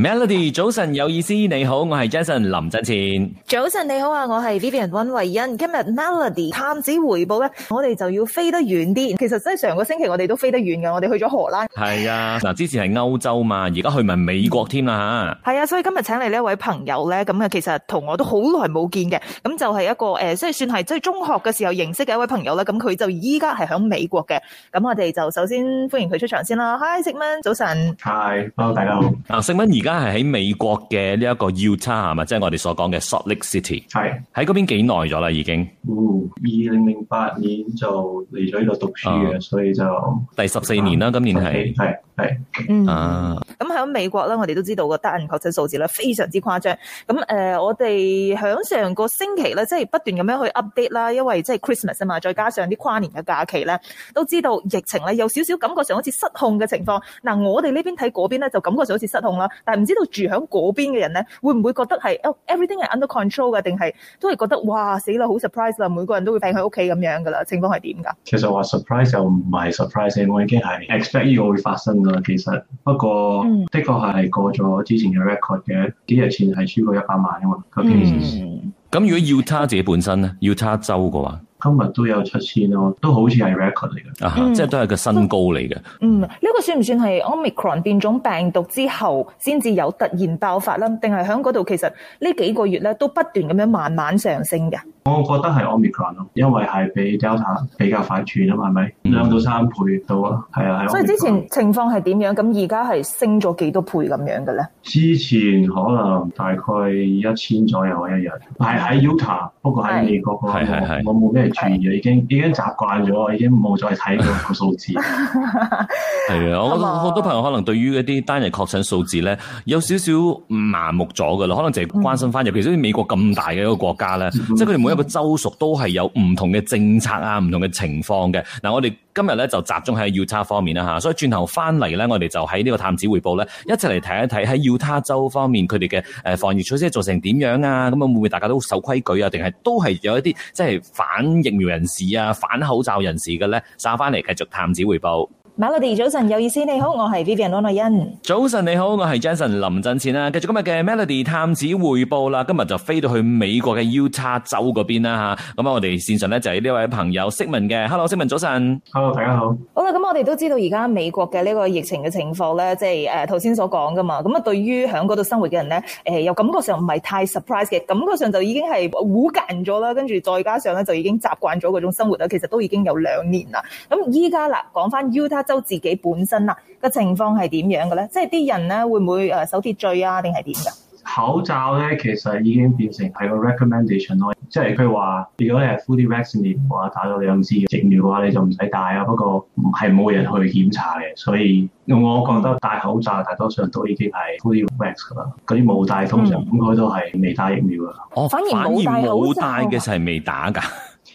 Melody，早晨有意思，你好，我係 Jason 林振前。早晨你好啊，我係 Vivian 溫慧欣。今日 Melody 探子回報咧，我哋就要飛得遠啲。其實真係上個星期我哋都飛得遠嘅，我哋去咗荷蘭。係啊，嗱之前係歐洲嘛，而家去埋美國添啦吓。係啊，所以今日請嚟呢一位朋友咧，咁啊其實同我都好耐冇見嘅，咁就係一個誒，即係算係即係中學嘅時候認識嘅一位朋友呢，咁佢就依家係響美國嘅。咁我哋就首先歡迎佢出場先啦。Hi，石蚊，早晨。Hi，Hello，大家好。啊，而家係喺美國嘅呢一個 Utah 係嘛，即係我哋所講嘅 Salt Lake City。係喺嗰邊幾耐咗啦，已經。二零零八年就嚟咗呢度讀書嘅，所以就第十四年啦，嗯，今年係係係。嗯，咁、嗯、喺美國咧，我哋都知道個單日確診數字咧非常之誇張。咁誒、呃，我哋響上個星期咧，即、就、係、是、不斷咁樣去 update 啦，因為即係 Christmas 啊嘛，再加上啲跨年嘅假期咧，都知道疫情咧有少少感覺上好似失控嘅情況。嗱、呃，我哋呢邊睇嗰邊咧，就感覺上好似失控啦，但唔知道住喺嗰邊嘅人咧，會唔會覺得係 everything 係 under control 嘅，定係都係覺得哇死啦，好 surprise 啦，每個人都會返去屋企咁樣噶啦，情況係點㗎？其實話 surprise 又唔係 surprise，我已經係 expect 呢個會發生㗎啦。其實不過的確係過咗之前嘅 record 嘅，幾日前係超過一百萬啊嘛。咁、嗯、如果要猶他自己本身咧，要猶他州嘅話。今日都有七千咯，都好似係 record 嚟嘅。啊、uh-huh, 嗯、即係都係個新高嚟嘅。嗯，呢、這個算唔算係 omicron 變種病毒之後先至有突然爆發啦？定係喺嗰度其實呢幾個月咧都不斷咁樣慢慢上升嘅？我覺得係 omicron 咯，因為係比 delta 比較快竄啊嘛，係咪兩到三倍到啊？係啊，所以之前情況係點樣？咁而家係升咗幾多倍咁樣嘅咧？之前可能大概一千左右一日，係喺 Utah，不過喺美國個我冇咩。佢哋已經已經習慣咗，已經冇再睇過個數字。係啊， 我覺得好多朋友可能對於嗰啲單日確診數字咧，有少少麻木咗㗎啦。可能淨係關心翻入，嗯、尤其是美國咁大嘅一個國家咧、嗯嗯，即係佢哋每一個州屬都係有唔同嘅政策啊、唔同嘅情況嘅。嗱、啊，我哋今日咧就集中喺猶他方面啦、啊、所以轉頭翻嚟咧，我哋就喺呢個探子匯報咧，一齊嚟睇一睇喺猶他州方面佢哋嘅誒防疫措施做成點樣啊？咁啊，會唔會大家都守規矩啊？定係都係有一啲即係反疫苗人士啊，反口罩人士嘅咧，收翻嚟繼續探子回報。Melody 早晨有意思，你好，我係 Vivian Lorna 安諾欣。早晨你好，我係 Jensen 林振前啦。繼續今日嘅 Melody 探子匯報啦，今日就飛到去美國嘅 Utah 州嗰邊啦吓。咁啊，我哋線上咧就係呢位朋友 Simon 嘅，Hello Simon 早晨。Hello 大家好。好啦，咁我哋都知道而家美國嘅呢個疫情嘅情況咧，即係誒頭先所講噶嘛。咁啊，對於響嗰度生活嘅人咧，誒、呃，有感覺上唔係太 surprise 嘅，感覺上就已經係好緊咗啦。跟住再加上咧就已經習慣咗嗰種生活啦，其實都已經有兩年啦。咁依家嗱，講翻 Utah 就自己本身啦、啊，個情況係點樣嘅咧？即係啲人咧會唔會誒守秩序啊？定係點㗎？口罩咧其實已經變成係個 recommendation 咯，即係佢話如果你係 fully vaccinated 嘅話，打咗兩支疫苗嘅話，你就唔使戴啊。不過係冇人去檢查嘅，所以我覺得戴口罩大多數都已經係 fully vaccinated 噶啦。嗰啲冇戴通常應該都係未打疫苗啊。哦，反而冇戴冇戴嘅就係未打㗎，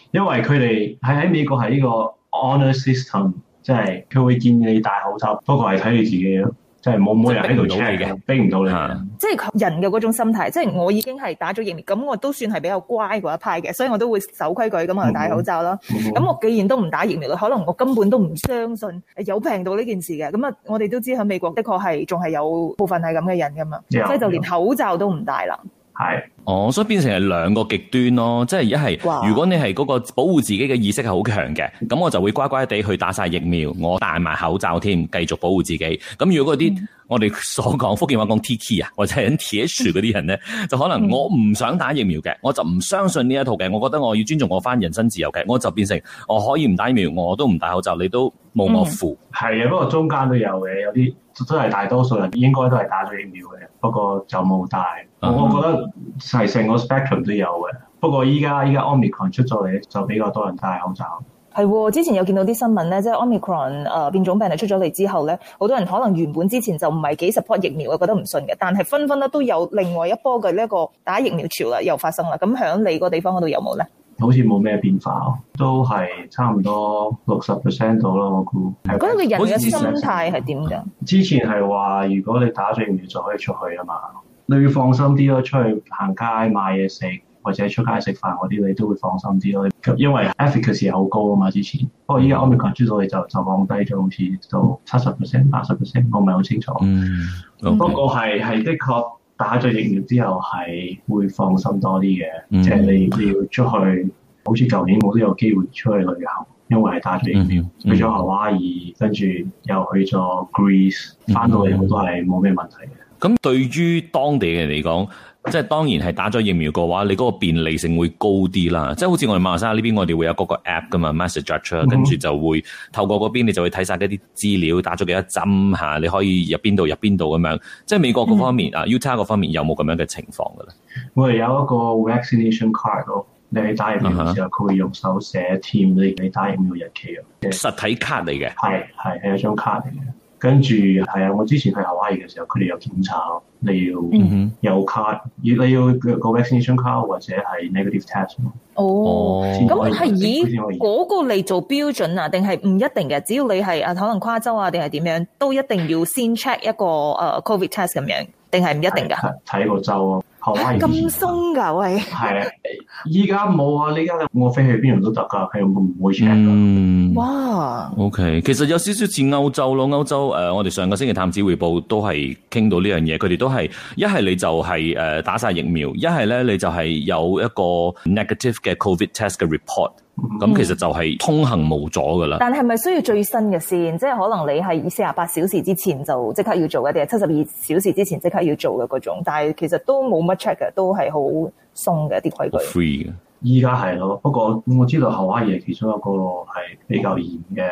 因為佢哋喺喺美國係呢個 honor system。即係佢會建議你戴口罩，不過係睇你自己咯。即係冇冇人喺度阻你嘅，逼唔到你。即係、 就是、人嘅嗰種心態，即、就、係、是、我已經係打咗疫苗，咁我都算係比較乖嗰一派嘅，所以我都會守規矩咁嚟戴口罩咯。咁、mm-hmm. mm-hmm. 我既然都唔打疫苗啦，可能我根本都唔相信有病毒呢件事嘅。咁啊，我哋都知喺美國的確係仲係有部分係咁嘅人噶嘛，即、yeah. 係就連口罩都唔戴啦。Yeah. 哦，所以變成係兩個極端咯，即係一係如果你係嗰個保護自己嘅意識係好強嘅，咁我就會乖乖地去打晒疫苗，我戴埋口罩添，繼續保護自己。咁如果嗰啲我哋所講福建話講 T K 啊，或者係 T H 嗰啲人咧， 就可能我唔想打疫苗嘅，我就唔相信呢一套嘅，我覺得我要尊重我翻人身自由嘅，我就變成我可以唔打疫苗，我都唔戴口罩，你都冇我負。係啊，不過中間都有嘅，有啲都係大多數人應該都係打咗疫苗嘅，不過就冇戴。我覺得。係成個 spectrum 都有嘅，不過依家依家 omicron 出咗嚟，就比較多人戴口罩。係，之前有見到啲新聞咧，即係 omicron 誒、呃、變種病毒出咗嚟之後咧，好多人可能原本之前就唔係幾 support 疫苗嘅，覺得唔信嘅，但係紛紛咧都有另外一波嘅呢一個打疫苗潮啦，又發生啦。咁喺你個地方嗰度有冇咧？好似冇咩變化，都係差唔多六十 percent 到咯，我估。咁，覺得個人嘅心態係點樣㗎？之前係話如果你打咗疫苗就可以出去啊嘛。你要放心啲咯，出去行街買嘢食，或者出街食飯嗰啲，你都會放心啲咯。因為 efficacy 好高啊嘛，之前，不過依家 Omicron 未講清楚，佢就就放低咗，好似到七十 percent、八十 percent，我唔係好清楚。嗯，不過係係的確打咗疫苗之後係會放心多啲嘅，即係你你要出去，好似舊年我都有機會出去旅行。因為係打咗疫苗，mm-hmm. Mm-hmm. 去咗夏威夷，跟住又去咗 Greece，翻到嚟好多係冇咩問題嘅。咁對於當地嘅人嚟講，即係當然係打咗疫苗嘅話，你嗰個便利性會高啲啦。即係好似我哋馬來西亞呢邊，我哋會有嗰個 app 噶嘛，message 啊，跟、mm-hmm. 住就會透過嗰邊，你就會睇晒一啲資料，打咗幾多針嚇，你可以入邊度入邊度咁樣。即係美國嗰方面啊、mm-hmm.，Utah 嗰方面有冇咁樣嘅情況噶咧？我哋有一個 vaccination card 咯、哦。你去打疫苗嘅時候，佢會用手寫填你你打疫苗日期啊，實體卡嚟嘅，係係係一張卡嚟嘅。跟住係啊，我之前去夏威夷嘅時候，佢哋有檢查你要有卡，要、嗯、你要個 vaccination card，或者係 negative test 哦。哦，咁係以嗰個嚟做標準啊？定係唔一定嘅？只要你係啊，可能跨州啊，定係點樣都一定要先 check 一個誒 covid test 咁樣。定係唔一定噶，睇個州啊，咁鬆噶喂，係啊，依家冇啊，呢家我飛去邊度都得噶，係唔會 check。嗯，哇，OK，其實有少少似歐洲咯，歐洲誒，我哋上個星期探子回報都係傾到呢樣嘢，佢哋都係一係你就係誒打晒疫苗，一係咧你就係有一個 negative 嘅 covid test 嘅 report。咁、嗯、其實就係通行無阻嘅啦、嗯。但係咪需要最新嘅先？即係可能你係四十八小時之前就即刻要做嘅，定係七十二小時之前即刻要做嘅嗰種？但係其實都冇乜 check 嘅，都係好鬆嘅一啲規矩。free 嘅，依家係咯。不過我知道夏威夷係其中一個係比較嚴嘅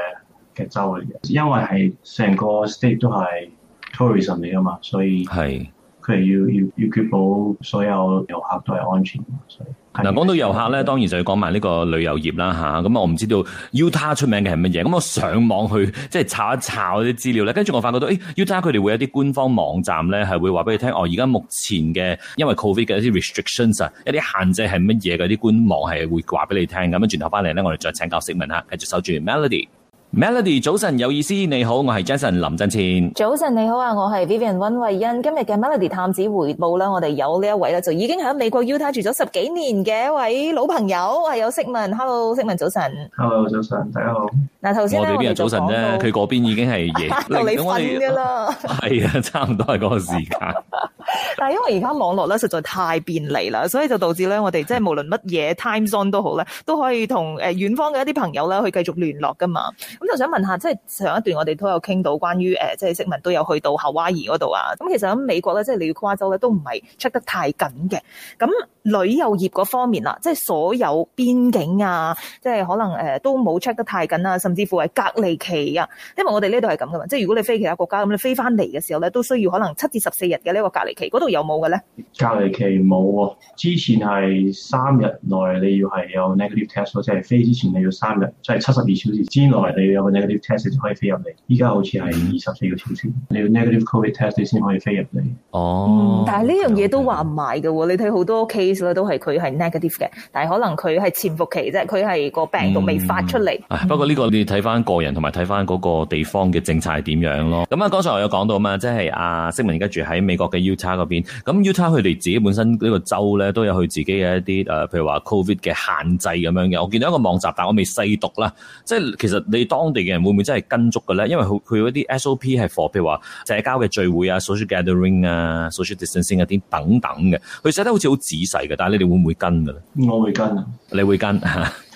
嘅州嚟嘅，因為係成個 state 都係 tourism 嚟啊嘛，所以佢係要要要確保所有遊客都係安全的，所以。嗱、嗯，講到遊客咧，當然就要講埋呢個旅遊業啦，嚇，咁啊，我唔知道 Utah 出名嘅係乜嘢。咁我上網去即係查一查啲資料咧，跟住我發覺到，咦，Utah 佢哋會有啲官方網站咧，係會話俾你聽。哦，而家目前嘅因為 Covid 嘅一啲 restrictions，一啲限制係乜嘢嘅啲官網係會話俾你聽。咁樣轉頭翻嚟咧，我哋再請教息雯嚇，繼續守住 Melody。Melody，早晨有意思，你好，我係 Jason 林振千。早晨你好啊，我係 Vivian 温慧欣。今日嘅 Melody 探子回報啦，我哋有呢一位咧，就已經喺美國 Utah 住咗十幾年嘅一位老朋友，係有息文。Hello，息文早晨。Hello，早晨，大家好。嗱，頭先咧我哋呢邊係早晨咧，佢嗰邊已經係夜，到 你瞓嘅啦。係啊，差唔多係嗰個時間。 但係，因為而家網絡咧實在太便利啦，所以就導致咧，我哋即係無論乜嘢 times on 都好咧，都可以同誒遠方嘅一啲朋友咧去繼續聯絡噶嘛。咁就想問下，即係上一段我哋都有傾到關於誒，即係釋文都有去到夏威夷嗰度啊。咁其實喺美國咧，即係你要跨州咧都唔係 check 得太緊嘅。咁旅遊業嗰方面啦，即係所有邊境啊，即係可能誒都冇 check 得太緊啊，甚至乎係隔離期啊，因為我哋呢度係咁噶嘛。即係如果你飛其他國家咁，你飛翻嚟嘅時候咧，都需要可能七至十四日嘅呢個隔離。嗰度有冇嘅咧？隔離期冇喎，之前係三日內你要係有 negative test，即係飛之前你要三日，即係七十二小時之內你要有個 negative test 就可以飛入嚟。依家好似係二十四個小時，你要 negative covid test 先可以飛入嚟。哦，嗯、但係呢樣嘢都話唔埋嘅喎，你睇好多 case 啦，都係佢係 negative 嘅，但係可能佢係潛伏期啫，佢係個病毒未發出嚟。不過呢個你睇翻個人同埋睇翻嗰個地方嘅政策係點樣咯。咁、嗯、啊，剛才我有講到嘛，即係阿飾文而家住喺美國嘅 U 叉。邊，咁 Utah 佢哋自己本身呢個州咧都有佢自己嘅一啲誒、呃，譬如話 Covid 嘅限制咁樣嘅。我見到一個網站，但我未細讀啦。即係其實你當地嘅人會唔會真係跟足嘅咧？因為佢佢有一啲 SOP 係 for，譬如話社交嘅聚會啊、social gathering 啊、social distancing 一啲等等嘅。佢寫得好似好仔細嘅，但係你哋會唔會跟嘅咧？我會跟。你會跟 ？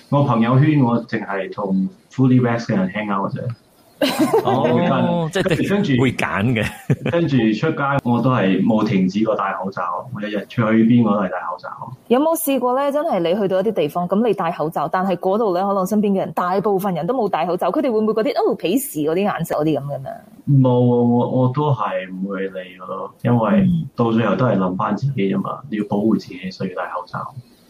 我朋友圈我淨係同 Fully Rest 嘅人 hang out 嘅。 哦，跟 住會揀嘅， 跟住出街我都係冇停止過戴口罩。我日日出去邊個都係戴口罩。有冇試過咧？真係你去到一啲地方咁，你戴口罩，但係嗰度咧可能身邊嘅人大部分人都冇戴口罩，佢哋會唔會嗰啲哦鄙視嗰啲眼色嗰啲咁嘅啊？冇，我我都係唔會理咯，因為到最後都係諗翻自己啫嘛，要保護自己，所以戴口罩。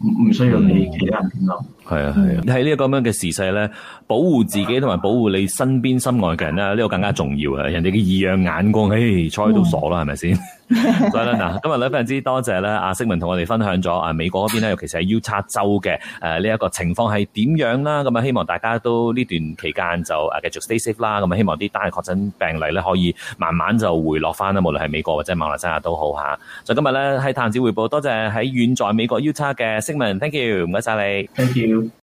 唔需要你、嗯、其他人點諗，係啊係啊，喺、啊嗯、呢個咁樣嘅時勢咧，保護自己同埋保護你身邊心愛嘅人咧，呢、這個更加重要啊！人哋嘅異樣眼光，唉，睬到傻啦，係咪先？所啦，嗱，今日咧非常之多謝咧、 啊，阿 Stephen 同我哋分享咗啊，美國嗰邊咧，尤其是係 Utah 州嘅誒呢一個情況係點樣啦，咁啊，希望大家都呢段期間就誒繼、啊、續 stay safe 啦，咁啊，希望啲單確診病例咧可以慢慢就回落翻啦，無論係美國或者馬來西亞都好吓。所以今日咧係探子回報，多謝喺遠在美國 Utah 嘅 Stephen，thank you，唔該晒你，thank you 謝謝你。Thank you.